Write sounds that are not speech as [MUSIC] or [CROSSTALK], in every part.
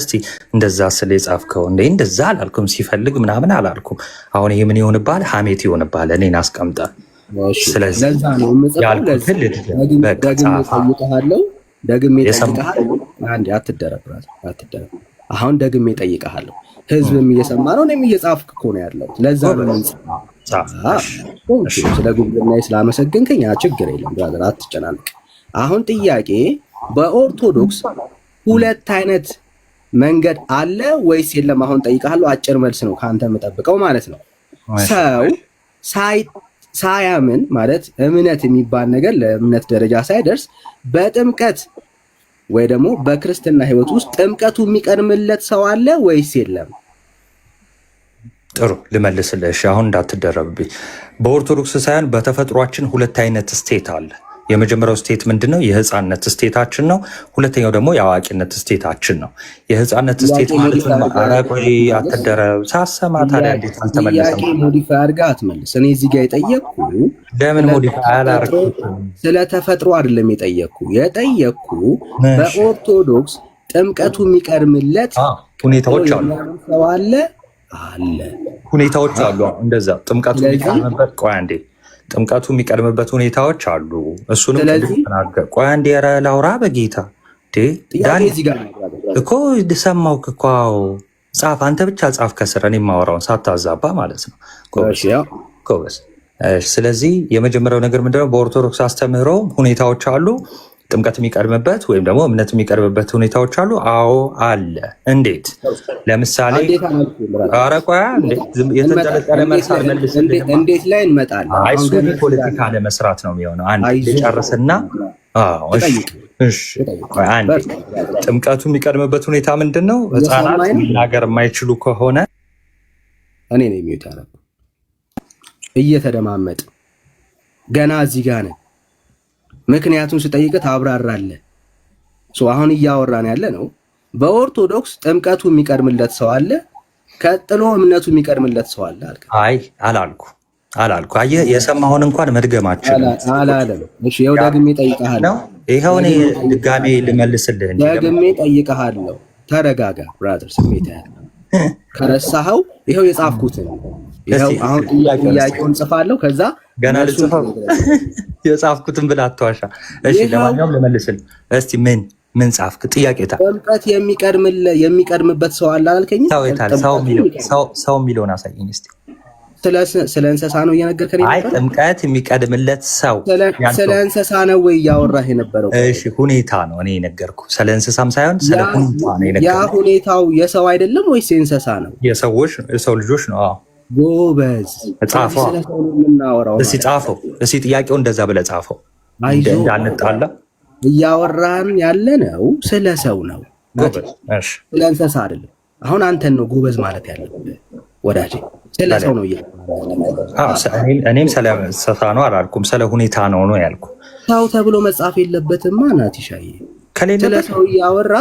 እስቲ እንደዛ ስለ የጻፍከው እንደ እንደዛ አላልኩም፣ ሲፈልግ ምናምን አላልኩም። አሁን ይህ ምን ይሆንብሃል? ሀሜት ይሆንብሃል። እኔን አስቀምጠ አሁን ደግሜ ጠይቀሃለሁ። ህዝብም እየሰማ ነው፣ እኔም እየጻፍክ እኮ ነው ያለው። ለዛ ስለ ጉብልና ስላመሰግንከኝ ችግር የለም ብራዘር፣ አትጨናንቅ። አሁን ጥያቄ በኦርቶዶክስ ሁለት አይነት መንገድ አለ ወይስ የለም? አሁን ጠይቃለሁ። አጭር መልስ ነው ከአንተ የምጠብቀው ማለት ነው። ሰው ሳያምን ማለት እምነት የሚባል ነገር ለእምነት ደረጃ ሳይደርስ በጥምቀት ወይ ደግሞ በክርስትና ህይወት ውስጥ ጥምቀቱ የሚቀድምለት ሰው አለ ወይስ የለም? ጥሩ ልመልስልህ። እሺ አሁን እንዳትደረብብኝ። በኦርቶዶክስ ሳይሆን በተፈጥሯችን ሁለት አይነት ስቴት አለ የመጀመሪያው ስቴት ምንድን ነው? የህፃነት ስቴታችን ነው። ሁለተኛው ደግሞ የአዋቂነት ስቴታችን ነው። የህፃነት ስቴት ማለት አረቆይ አትደረብ ሳሰማ ታዲያ እንዴት አልተመለሰም? ሞዲፋይ አድርገህ አትመልስ። እኔ እዚህ ጋር የጠየቅኩ ለምን ሞዲፋይ አላደረኩም? ስለ ተፈጥሮ አይደለም የጠየቅኩ የጠየቅኩ በኦርቶዶክስ ጥምቀቱ የሚቀርምለት ሁኔታዎች አሉ አለ አለ ሁኔታዎች አሉ። እንደዛ ጥምቀቱ የሚቀርምበት ቆይ አንዴ ጥምቀቱ የሚቀድምበት ሁኔታዎች አሉ። እሱንም ቆይ አንዴ ኧረ ላውራ በጌታ እኮ ሰማው እኳው ጻፍ፣ አንተ ብቻ ጻፍ ከስር እኔ የማወራውን ሳታዛባ ማለት ነው። ስለዚህ የመጀመሪያው ነገር ምንድነው? በኦርቶዶክስ አስተምህሮ ሁኔታዎች አሉ። ጥምቀት የሚቀርብበት ወይም ደግሞ እምነት የሚቀርብበት ሁኔታዎች አሉ። አዎ አለ። እንዴት? ለምሳሌ አረቆያ የተንጠለጠለ መልስ አልመልስ እንዴት ላይ እንመጣለን። እሱ ፖለቲካ ለመስራት ነው የሚሆነው። አንድ ጨርስና ጥምቀቱ የሚቀድምበት ሁኔታ ምንድን ነው? ህፃናት መናገር የማይችሉ ከሆነ እኔ ነው የሚወጣ እየተደማመጥ ገና እዚህ ጋር ነን ምክንያቱም ስጠይቀ ታብራራለ። አሁን እያወራን ያለ ነው በኦርቶዶክስ ጥምቀቱ የሚቀድምለት ሰው አለ፣ ቀጥሎ እምነቱ የሚቀድምለት ሰው አለ። አይ አላልኩ አላልኩ አየ የሰማሁን እንኳን መድገማችን ው እሺ ይኸው ደግሜ ጠይቀሃለሁ። ይኸው ድጋሜ ልመልስልህ እንጂ ደግሜ ጠይቀሃለሁ። ተረጋጋ ብራዘር፣ ስሜት ያለ ከረሳኸው ይኸው የጻፍኩትን አሁን ጥያቄውን እንጽፋለሁ። ከዛ ገና ልጽፈው [LAUGHS] የጻፍኩትን ብላ አትዋሻ። እሺ ለማንኛውም ልመልስል። እስቲ ምን ምን ጻፍክ? ጥያቄታ ታ ጥምቀት የሚቀድምበት ሰው አለ አላልከኝም? ሰው የሚለውን አሳየኝ እስቲ። ስለ እንስሳ ነው እየነገርከን የነበረው? ጥምቀት የሚቀድምለት ሰው ስለ እንስሳ ነው ወይ እያወራህ የነበረው? እሺ ሁኔታ ነው እኔ የነገርኩ፣ ስለ እንስሳም ሳይሆን ስለ ሁኔታ ነው የነገርኩህ። ያ ሁኔታው የሰው አይደለም ወይስ የእንስሳ ነው? የሰዎች የሰው ልጆች ነው። አዎ ጎበዝ ጻፈው። እስኪ ጥያቄው እንደዛ ብለህ ጻፈው። እንዳንጣላ እያወራን ያለ ነው። ስለ ሰው ነው፣ ስለ እንስሳ አይደለም። አሁን አንተን ነው ጎበዝ ማለት ያለብህ ወዳጄ። ስለ ሰው ነው እኔም ስለ እንስሳ ነው አላልኩም፣ ስለ ሁኔታ ነው ነው ያልኩ። ሰው ተብሎ መጻፍ የለበትማ ናቲሻዬ። ከሌለ ሰው እያወራ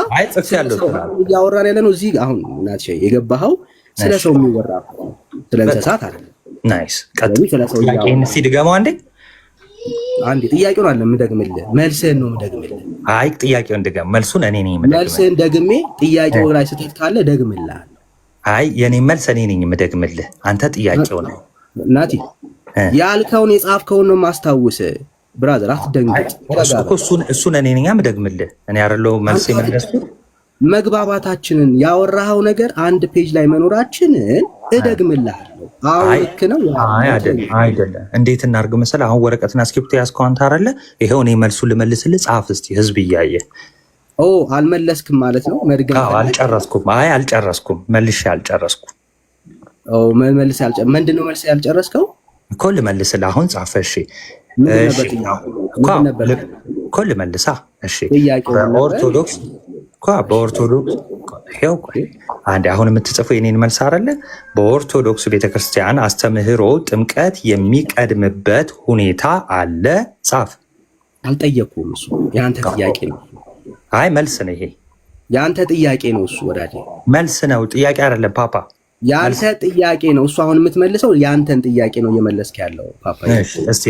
እያወራን ያለ ነው እዚህ አሁን ናቲሻዬ የገባኸው ስለ ሰው የሚወራ ነው ስለ እንስሳት አለ። ናይስ ድገመው አንዴ አንዴ ጥያቄውን አለ የምደግምልህ፣ መልስህን ነው የምደግምልህ። አይ ጥያቄውን ድገም፣ መልሱን እኔ ነኝ የምደግምልህ። መልስህን ደግሜ ጥያቄው ላይ ስህተት ካለ ደግምልሃለሁ። አይ የኔ መልስ እኔ ነኝ የምደግምልህ፣ አንተ ጥያቄው ነው። ናቲ ያልከውን የጻፍከውን ነው ማስታውስ። ብራዘር አትደንግጥ። እሱን እኔ ነኝ የምደግምልህ። እኔ አይደለሁ መልስ የምንደሱ መግባባታችንን ያወራኸው ነገር አንድ ፔጅ ላይ መኖራችንን እደግምልሃለሁ። አሁን ልክ እንዴት እናድርግ መሰለህ? አሁን ወረቀትና እስክሪፕት ያዝከው አንተ አይደለ? ይኸው እኔ መልሱ ልመልስልህ። ጻፍ እስኪ ህዝብ እያየ አልመለስክም ማለት ነው። መድገም አልጨረስኩም። አይ አልጨረስኩም፣ መልሼ አልጨረስኩም። መልስ ምንድን ነው መልስ ያልጨረስከው እኮ ልመልስልህ። አሁን ጻፈ። እሺ እኮ ልመልሳ። እሺ ኦርቶዶክስ በኦርቶዶክስ ው አንድ አሁን የምትጽፈው የኔን መልስ አለ። በኦርቶዶክስ ቤተክርስቲያን አስተምህሮ ጥምቀት የሚቀድምበት ሁኔታ አለ። ጻፍ። አልጠየኩም። እሱ የአንተ ጥያቄ ነው። አይ መልስ ነው ይሄ የአንተ ጥያቄ ነው። እሱ ወዳ መልስ ነው፣ ጥያቄ አይደለም ፓፓ። የአንተ ጥያቄ ነው እሱ። አሁን የምትመልሰው የአንተን ጥያቄ ነው እየመለስክ ያለው ፓፓ።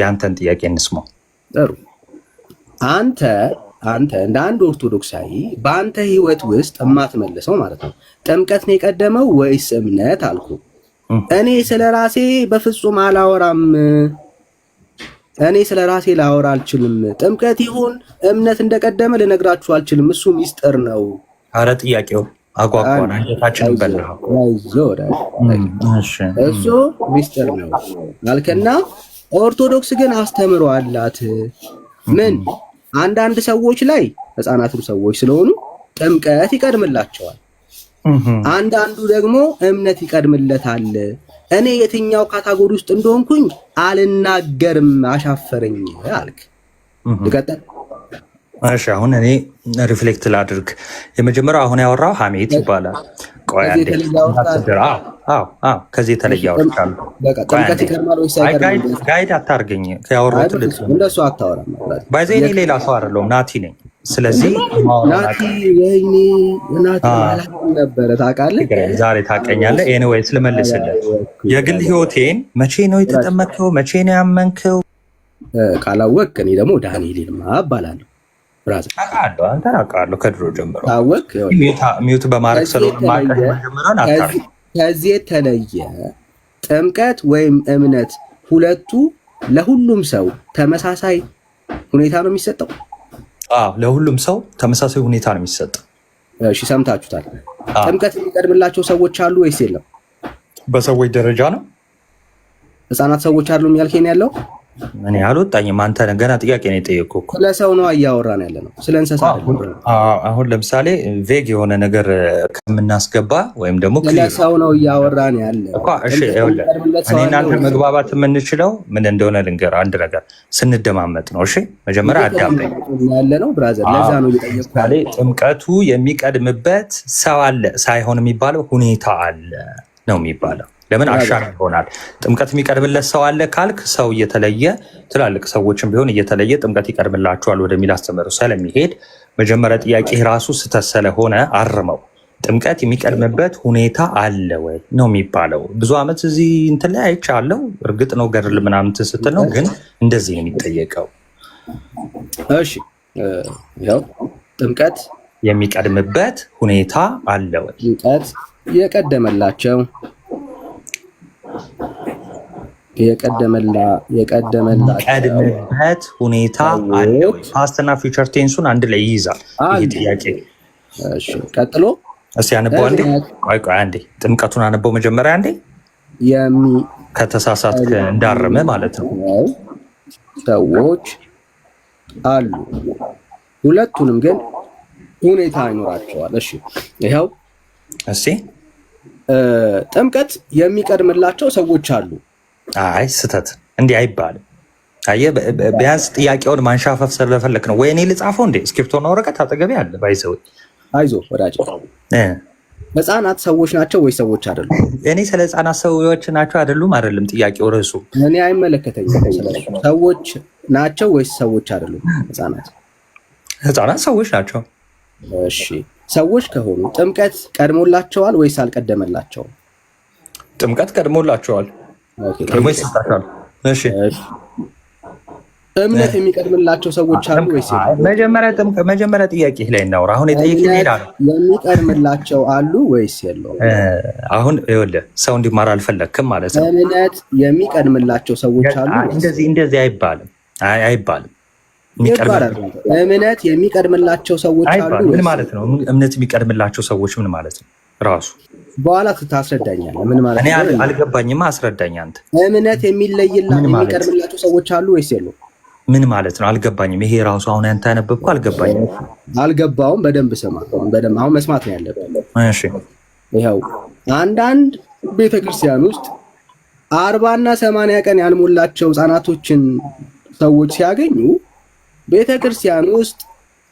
የአንተን ጥያቄ እንስማው። ጥሩ አንተ አንተ እንደ አንድ ኦርቶዶክሳዊ በአንተ ህይወት ውስጥ የማትመልሰው ማለት ነው። ጥምቀት ነው የቀደመው ወይስ እምነት አልኩ። እኔ ስለ ራሴ በፍጹም አላወራም። እኔ ስለ ራሴ ላወራ አልችልም። ጥምቀት ይሁን እምነት እንደቀደመ ልነግራችሁ አልችልም። እሱ ሚስጥር ነው። አረ ጥያቄው ታችን እሱ ሚስጥር ነው ኦርቶዶክስ ግን አስተምሮ አላት ምን አንዳንድ ሰዎች ላይ ህፃናቱም ሰዎች ስለሆኑ ጥምቀት ይቀድምላቸዋል። አንዳንዱ ደግሞ እምነት ይቀድምለታል። እኔ የትኛው ካታጎሪ ውስጥ እንደሆንኩኝ አልናገርም፣ አሻፈረኝ አልክ። ልቀጥል። እሺ አሁን እኔ ሪፍሌክት ላድርግ። የመጀመሪያው አሁን ያወራው ሀሜት ይባላል። ቆይ አንዴ አዎ አዎ፣ ከዚህ የተለየ አታርገኝ። እንደሱ አታወራም። ባይዘ እኔ ሌላ ሰው አይደለሁም፣ ናቲ ነኝ። ስለዚህ ናቲ ናቲ ማለት ነበረ። ታውቃለህ፣ ዛሬ ታውቀኛለህ። ኤኒዌይ ስለመልስልህ የግል ህይወቴን መቼ ነው የተጠመቅከው? መቼ ነው ያመንከው? ካላወቅ እኔ ደግሞ ዳንኤል ልማ እባላለሁ። አውቃለሁ፣ ከድሮ ጀምሮ ሚዩት በማድረግ ስለሆነ ጀምረን አታርግ ከዚህ የተለየ ጥምቀት ወይም እምነት ሁለቱ ለሁሉም ሰው ተመሳሳይ ሁኔታ ነው የሚሰጠው። ለሁሉም ሰው ተመሳሳይ ሁኔታ ነው የሚሰጠው። ሰምታችሁታል። ጥምቀት የሚቀድምላቸው ሰዎች አሉ ወይስ የለም? በሰዎች ደረጃ ነው። ህፃናት ሰዎች አሉ ያልከኝ ያለው እኔ አልወጣኝም። አንተ ገና ጥያቄ ነው የጠየቅኩህ እኮ። ስለሰው ነው እያወራን ያለ ነው፣ ስለ እንስሳ። አሁን ለምሳሌ ቬግ የሆነ ነገር ከምናስገባ ወይም ደግሞ ስለሰው ነው እያወራን ያለ እኔ እናንተ መግባባት የምንችለው ምን እንደሆነ ልንገር፣ አንድ ነገር ስንደማመጥ ነው። እሺ መጀመሪያ አዳምጠኝ ያለ ነው ብራዘር። ለዛ ነው ለምሳሌ ጥምቀቱ የሚቀድምበት ሰው አለ ሳይሆን የሚባለው ሁኔታ አለ ነው የሚባለው ለምን አሻር ይሆናል። ጥምቀት የሚቀርብለት ሰው አለ ካልክ ሰው እየተለየ ትላልቅ ሰዎችም ቢሆን እየተለየ ጥምቀት ይቀድምላቸዋል ወደሚል አስተምህሮ ስለሚሄድ መጀመሪያ ጥያቄ ራሱ ስህተት ስለሆነ አርመው። ጥምቀት የሚቀድምበት ሁኔታ አለ ወይ ነው የሚባለው። ብዙ ዓመት እዚህ እንትን ላይ አይቻለሁ። እርግጥ ነው ገድል ምናምን ስትል ነው፣ ግን እንደዚህ ነው የሚጠየቀው። እሺ ያው ጥምቀት የሚቀድምበት ሁኔታ አለ ወይ? ጥምቀት የቀደመላቸው የቀደመበት ሁኔታ አለው። ፓስትና ፊውቸር ቴንሱን አንድ ላይ ይይዛል። ይህ ጥያቄ ቀጥሎ እስኪ አነበው አንዴ። ቆይ ቆይ አንዴ ጥምቀቱን አነበው መጀመሪያ አንዴ። ከተሳሳት እንዳርም ማለት ነው። ሰዎች አሉ ሁለቱንም ግን ሁኔታ ይኖራቸዋል። እሺ ይኸው እስኪ ጥምቀት የሚቀድምላቸው ሰዎች አሉ። አይ ስህተት እንዲህ አይባልም። አየህ ቢያንስ ጥያቄውን ማንሻፈፍ ስለፈለክ ነው ወይ? እኔ ልጻፈው እንዴ? እስክሪፕቶና ወረቀት አጠገቤ አለ። ባይዘው አይዞ ወዳጅ ህፃናት ሰዎች ናቸው ወይ ሰዎች አይደሉም? እኔ ስለ ህፃናት ሰዎች ናቸው አይደሉም አይደለም ጥያቄው ርዕሱ። እኔ አይመለከተኝም። ሰዎች ናቸው ወይስ ሰዎች አይደሉም? ህፃናት ህፃናት ሰዎች ናቸው። እሺ ሰዎች ከሆኑ ጥምቀት ቀድሞላቸዋል ወይስ አልቀደመላቸውም? ጥምቀት ቀድሞላቸዋል። እምነት የሚቀድምላቸው ሰዎች አሉ ወይስ? መጀመሪያ ጥያቄ ላይ እናውራ። አሁን የጠየቅን ሄዳ ነው የሚቀድምላቸው አሉ ወይስ የለው? አሁን ይኸውልህ ሰው እንዲማር አልፈለግክም ማለት ነው። እምነት የሚቀድምላቸው ሰዎች አሉ እንደዚህ እንደዚህ አይባልም አይባልም እምነት የሚቀድምላቸው ሰዎች አሉ። ምን ማለት ነው? እምነት የሚቀድምላቸው ሰዎች ምን ማለት ነው? ራሱ በኋላ ታስረዳኛለህ። ምን ማለት ነው? አልገባኝም። አስረዳኝ አንተ። እምነት የሚቀድምላቸው ሰዎች አሉ ወይስ የሉ? ምን ማለት ነው? አልገባኝም። ይሄ ራሱ አሁን አንተ ያነበብኩ አልገባኝም። አልገባውም። በደንብ ስማ፣ በደንብ አሁን መስማት ነው ያለብህ። ይኸው አንዳንድ ቤተክርስቲያን ውስጥ አርባና ሰማንያ ቀን ያልሞላቸው ህጻናቶችን ሰዎች ሲያገኙ ቤተ ክርስቲያን ውስጥ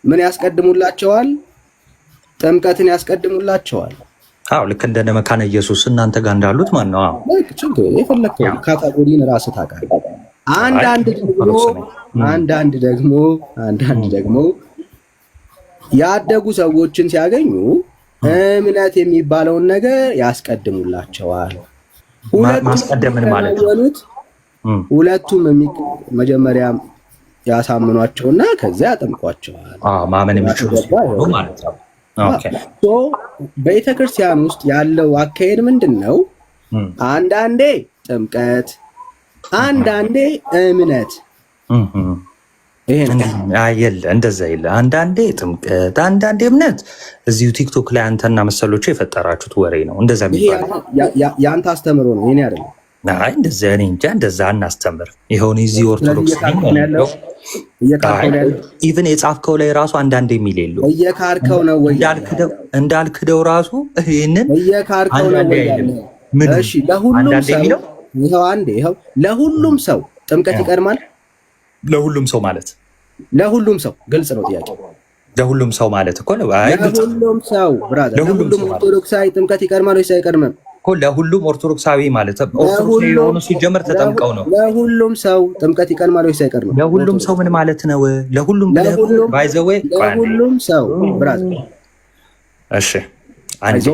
ምን ያስቀድሙላቸዋል? ጥምቀትን ያስቀድሙላቸዋል። አዎ ልክ እንደ መካነ ኢየሱስ እናንተ ጋር እንዳሉት ማን ነው? አዎ የፈለግከው ካታጎሪን ራስህ ታውቃለህ። አንዳንድ ደግሞ አንዳንድ ደግሞ አንዳንድ ደግሞ ያደጉ ሰዎችን ሲያገኙ እምነት የሚባለውን ነገር ያስቀድሙላቸዋል። ማስቀደምን ማለት ነው። ሁለቱም መጀመሪያ ያሳምኗቸውና ከዚያ ያጠምቋቸዋል። ማመን የሚችሉ ማለት ነው። በቤተክርስቲያን ውስጥ ያለው አካሄድ ምንድን ነው? አንዳንዴ ጥምቀት፣ አንዳንዴ እምነት የለ እንደዛ የለ። አንዳንዴ ጥምቀት፣ አንዳንዴ እምነት። እዚሁ ቲክቶክ ላይ አንተና መሰሎቹ የፈጠራችሁት ወሬ ነው። እንደዛ የሚባለው ያንተ አስተምሮ ነው። ይኔ አይደለም አይ እንደዚያ እኔ እንጃ እንደዛ እናስተምር ይኸውን እዚህ ኦርቶዶክስ ኢቭን የጻፍከው ላይ ራሱ አንዳንድ የሚል የለው እየካርከው ነው ወይ እንዳልክደው ራሱ ይህንን እየካርከው ነው ወይ ምን ለሁሉም ሰው ይኸው አንዴ ይኸው ለሁሉም ሰው ጥምቀት ይቀድማል ለሁሉም ሰው ማለት ለሁሉም ሰው ግልጽ ነው ጥያቄ ለሁሉም ሰው ማለት እኮ ነው ለሁሉም ሰው ለሁሉም ኦርቶዶክሳዊ ጥምቀት ይቀድማል ወይስ አይቀድምም እኮ ለሁሉም ኦርቶዶክሳዊ ማለት ኦርቶዶክስ የሆኑ ሲጀመር ተጠምቀው ነው። ለሁሉም ሰው ጥምቀት ይቀን ማለት ሳይቀር ነው። ለሁሉም ሰው ምን ማለት ነው? ለሁሉም ባይዘወይ ለሁሉም ሰው ብራዝ እሺ፣ አንዱ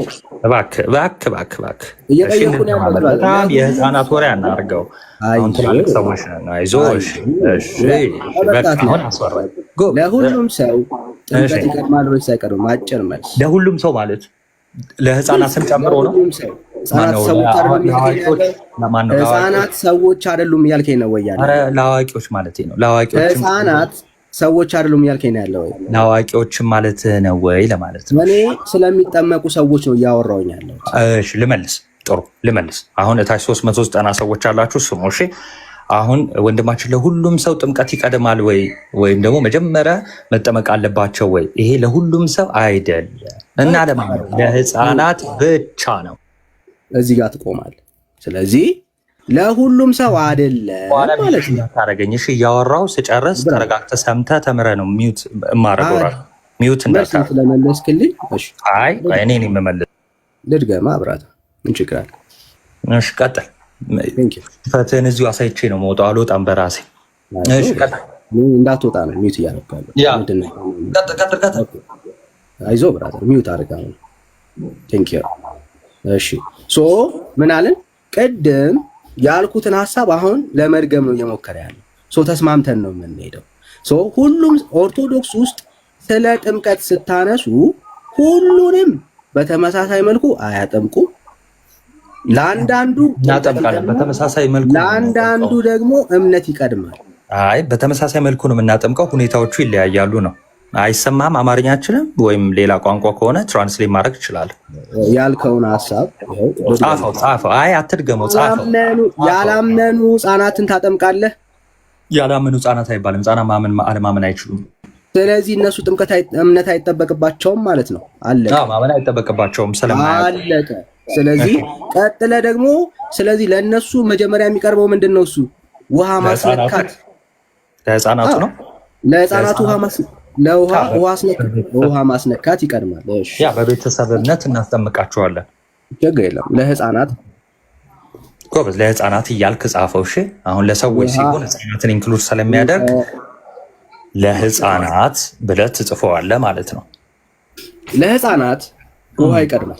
እባክህ እባክህ እባክህ እባክህ እየጠየቁን በጣም የህፃናት ወሬ አናርገው። አሁን ትላልቅ ሰዎች ነን። አይዞሽ፣ እሺ፣ በቃ አሁን አስወራኝ። ለሁሉም ሰው ጥምቀት ይቀን ማለት ሳይቀር ነው። አጭር መልስ ለሁሉም ሰው ማለት ለህፃናትም ጨምሮ ነው። ሰዎች አይደሉም እያልከኝ ነው ወይ? ለአዋቂዎች ማለት ነው። ሰዎች አይደሉም እያልከኝ ነው ያለው ወይ? ለአዋቂዎችም ማለት ነው ወይ ለማለት ነው። እኔ ስለሚጠመቁ ሰዎች ነው ያለው። እሺ ልመልስ። ጥሩ ልመልስ። አሁን እታች ሰዎች አላችሁ። ስሙ እሺ። አሁን ወንድማችን ለሁሉም ሰው ጥምቀት ይቀድማል ወይ ወይም ደግሞ መጀመሪያ መጠመቅ አለባቸው ወይ? ይሄ ለሁሉም ሰው አይደለም እና ለማለት ለህፃናት ብቻ ነው። እዚህ ጋር ትቆማለህ። ስለዚህ ለሁሉም ሰው አይደለም ማለት ነው። እሺ፣ እያወራው ስጨርስ ተረጋግተ ሰምተ ተምረህ ነው ሚውት ማረገው ራ ሚውት እንዳታረግ ስለመለስክልኝ። እሺ፣ አይ እኔ ነኝ የምመልስ። ልድገማ አብራት እንችግራል። እሺ፣ ቀጥል። ፈትህን እዚሁ አሳይቼ ነው መውጣው። አልወጣም በራሴ እሺ፣ ቀጥል። እንዳትወጣ ነው ሚውት እያረጋለሁ። ቀጥል፣ ቀጥል፣ ቀጥል። አይዞ ብራዘር፣ ሚውት አድርጋ ነው። ቴንክ ዩ። እሺ ሶ ምን አለን ቅድም ያልኩትን ሀሳብ አሁን ለመድገም ነው እየሞከረ ያለው። ሶ ተስማምተን ነው የምንሄደው። ሶ ሁሉም ኦርቶዶክስ ውስጥ ስለ ጥምቀት ስታነሱ ሁሉንም በተመሳሳይ መልኩ አያጠምቁም። ለአንዳንዱ እናጠምቃለን፣ በተመሳሳይ መልኩ ለአንዳንዱ ደግሞ እምነት ይቀድማል። አይ በተመሳሳይ መልኩ ነው የምናጠምቀው፣ ሁኔታዎቹ ይለያያሉ ነው አይሰማም አማርኛችንም ወይም ሌላ ቋንቋ ከሆነ ትራንስሌት ማድረግ ይችላል። ያልከውን ሀሳብ ጻፈው ጻፈው። አይ አትድገመው፣ ጻፈው። ያላመኑ ህጻናትን ታጠምቃለህ? ያላመኑ ህጻናት አይባልም። ህጻናት ማመን አለማመን አይችሉም። ስለዚህ እነሱ ጥምቀት እምነት አይጠበቅባቸውም ማለት ነው። አለቀ። ማመን አይጠበቅባቸውም ስለማያውቁ። ስለዚህ ቀጥለ ደግሞ ስለዚህ ለእነሱ መጀመሪያ የሚቀርበው ምንድን ነው? እሱ ውሃ ማስነካት ለህፃናቱ ነው። ለህፃናቱ ውሃ ማስነካት ለውሃ ማስነካት ይቀድማል። ያ በቤተሰብነት እናስጠምቃችኋለን። ችግር የለም። ለህፃናት ጎበዝ፣ ለህፃናት እያልክ ጻፈው። እሺ፣ አሁን ለሰዎች ሲሆን ህፃናትን ኢንክሉድ ስለሚያደርግ ለህፃናት ብለህ ትጽፈዋለህ ማለት ነው። ለህፃናት ውሃ ይቀድማል።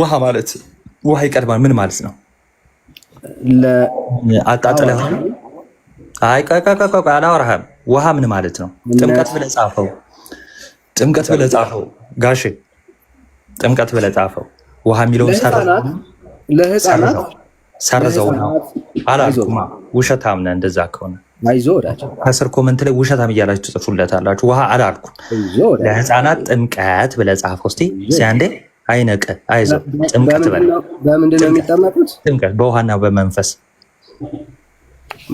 ውሃ ማለት ውሃ ይቀድማል ምን ማለት ነው? አጣጥለህ አላወራህም ውሃ ምን ማለት ነው? ጥምቀት ብለህ ጻፈው። ጥምቀት ብለህ ጻፈው ጋሽ፣ ጥምቀት ብለህ ጻፈው። ውሃ የሚለውን ሰረዘው ሰረዘው። አላልኩማ። ውሸታም ነህ። እንደዛ ከሆነ ከስር ኮመንት ላይ ውሸታም እያላችሁ ጽፉለታላችሁ። ውሃ አላልኩም። ለህፃናት ጥምቀት ብለህ ጻፈው እስኪ ሲያንዴ አይነቅ አይዞ ጥምቀት በምንድን ነው የሚጠመቁት? ጥምቀት በውሃና በመንፈስ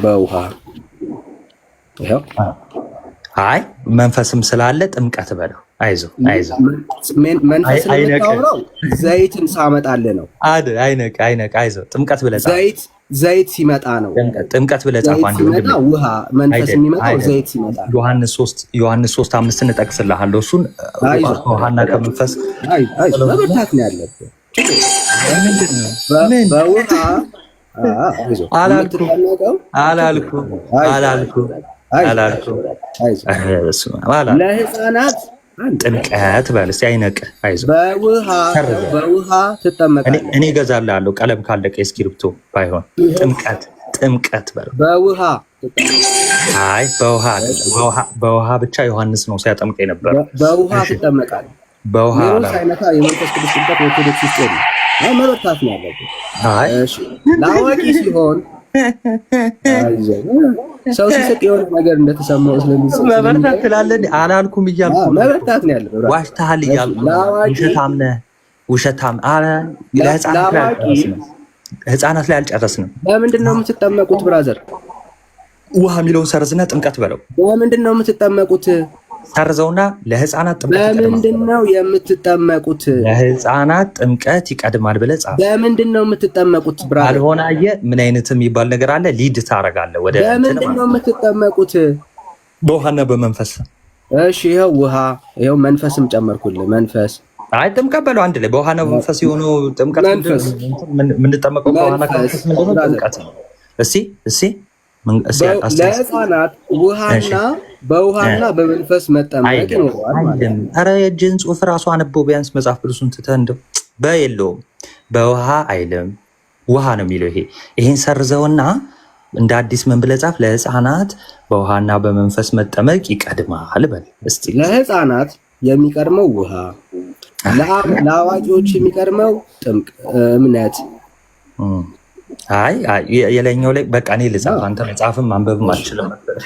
በውሃ አይ መንፈስም ስላለ ጥምቀት በለው። አይዞ አይዞ መንፈስ ዘይትን ሳመጣለ ነው። አድ አይነቅ አይነቅ አይዞ ጥምቀት ብለህ ዘይት ዘይት ሲመጣ ነው። ጥምቀት ብለህ ጻፍ። አንድ ወንድም ውሃ መንፈስ የሚመጣው ዘይት ሲመጣ ዮሐንስ 3 ዮሐንስ 3 5 እንጠቅስልሃለሁ። እሱን ውሃና ከመንፈስ አይዞ በብርታት ነው ያለብህ። በውሃ አላልኩም አላልኩም አላልኩም ለህፃናት ጥምቀት በል እስኪ አይነቅ በውሃ ትጠመቃለህ። እኔ እገዛልሃለሁ ቀለም ካለቀ እስክሪብቶ ባይሆን ጥምቀት ጥምቀት በል በውሃ አይ በውሃ ብቻ ዮሐንስ ነው ሲያጠምቅ የነበረ። በውሃ ትጠመቃለህ። በውሃ ሳይነካ የመንፈስ ቅዱስ ጥምቀት ኦርቶዶክስ ውስጥ የለም። መበታት ነው ያለብህ። ለአዋቂ ሲሆን ሰው ሲስቅ የሆነ ነገር እንደተሰማው ስለሚስቅ መበርታት ትላለህ። አላልኩም እያልኩ መበርታት ነው ያለው። ዋሽተሃል እያልኩ ውሸታም ነህ፣ ውሸታም አለ። ህፃናት ላይ አልጨረስንም። በምንድን ነው የምትጠመቁት? ብራዘር ውሃ የሚለውን ሰርዝና ጥምቀት በለው። በምንድን ነው የምትጠመቁት? ሰርዘውና ለህፃናት ጥምቀት ይቀድማል። በምንድን ነው የምትጠመቁት? ለህፃናት ጥምቀት ይቀድማል ብለህ ጻፍ። በምንድን ነው የምትጠመቁት? ብራ አልሆነ አየ ምን አይነት የሚባል ነገር አለ። ሊድ ታደርጋለህ ወደ በምንድን ነው የምትጠመቁት? በውሃና በመንፈስ። እሺ፣ ይኸው ውሃ፣ ይኸው መንፈስም ጨመርኩልህ። መንፈስ አይ ጥምቀት በለው አንድ ላይ በውሃና በመንፈስ የሆኑ ጥምቀት የምንጠመቀው በውሃና ከመንፈስ ነው ጥምቀት ነው። እሺ፣ እሺ ለህፃናት ውሃና በውሃና በመንፈስ መጠመቅ ይኖረዋል። ኧረ የእጅህን ጽሑፍ ራሱ አነበው ቢያንስ መጽሐፍ ቅዱሱን ትተህ እንደው በየለውም በውሃ አይልም ውሃ ነው የሚለው። ይሄ ይሄን ሰርዘውና እንደ አዲስ ምን ብለህ ጻፍ? ለህፃናት በውሃና በመንፈስ መጠመቅ ይቀድማል በል እስኪ። ለህፃናት የሚቀድመው ውሃ፣ ለአዋቂዎች የሚቀድመው እምነት አይ አይ የለኛው ላይ በቃ እኔ ልጻፍ፣ አንተ መጽሐፍም ማንበብም አልችልም ነበር።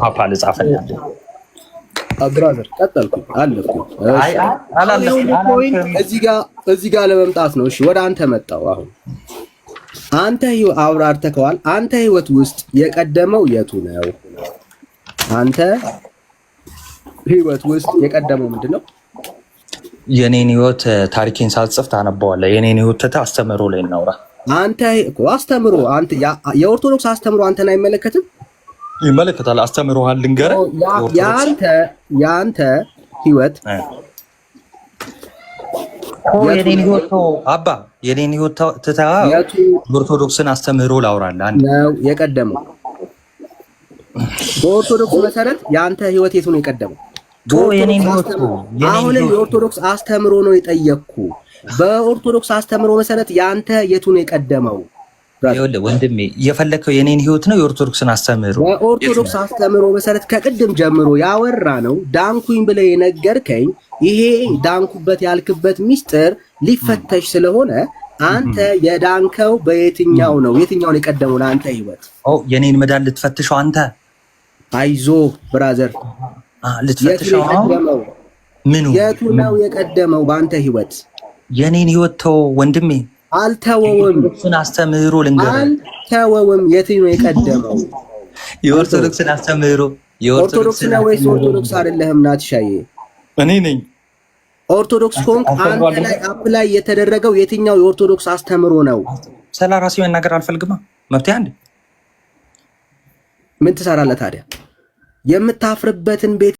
ፓፓ ልጻፍና ብራዘር ቀጠልኩ አለፍኩ። እዚህ ጋር እዚህ ጋር ለመምጣት ነው። እሺ ወደ አንተ መጣው። አሁን አንተ አብራርተከዋል። አንተ ህይወት ውስጥ የቀደመው የቱ ነው? አንተ ህይወት ውስጥ የቀደመው ምንድን ነው? የኔን ህይወት ታሪኬን ሳጽፍ ታነበዋለህ። የኔን ህይወት አስተምህሮ ላይ እናውራ አንተ እኮ አስተምሮ አንተ የኦርቶዶክስ አስተምሮ አንተን አይመለከትም? ይመለከታል። አስተምሮሃል። ልንገርህ ያንተ ያንተ ህይወት አባ የኔን ህይወት ትታ ኦርቶዶክስን አስተምህሮ ላውራለህ። አንድ ነው የቀደመው። በኦርቶዶክስ መሰረት የአንተ ህይወት የቱ ነው የቀደመው? አሁንም የኦርቶዶክስ አስተምሮ ነው የጠየቅኩ በኦርቶዶክስ አስተምሮ መሰረት ያንተ የቱን የቀደመው? ወንድሜ የፈለከው የኔን ህይወት ነው የኦርቶዶክስን አስተምሮ በኦርቶዶክስ አስተምሮ መሰረት ከቅድም ጀምሮ ያወራ ነው። ዳንኩኝ ብለ የነገርከኝ ይሄ ዳንኩበት ያልክበት ሚስጥር ሊፈተሽ ስለሆነ አንተ የዳንከው በየትኛው ነው? የትኛውን የቀደመው ለአንተ ህይወት? የኔን መዳን ልትፈትሸው አንተ? አይዞ ብራዘር ልትፈትሸው ምኑ የቱ ነው የቀደመው በአንተ ህይወት? የኔን ህይወት ተወው ወንድሜ። አልተወውም። እሱን አስተምህሮ ልንገርህ፣ አልተወውም። የት ነው የቀደመው? የኦርቶዶክስን አስተምህሮ ኦርቶዶክስ ነው ወይስ ኦርቶዶክስ አይደለህም? ናትሻዬ እኔ ነኝ ኦርቶዶክስ ሆንክ አንተ ላይ አፕ ላይ የተደረገው የትኛው የኦርቶዶክስ አስተምሮ ነው? ስለ ራሴ መናገር አልፈልግማ። መብቴ አንድ ምን ትሰራለህ ታዲያ የምታፍርበትን ቤት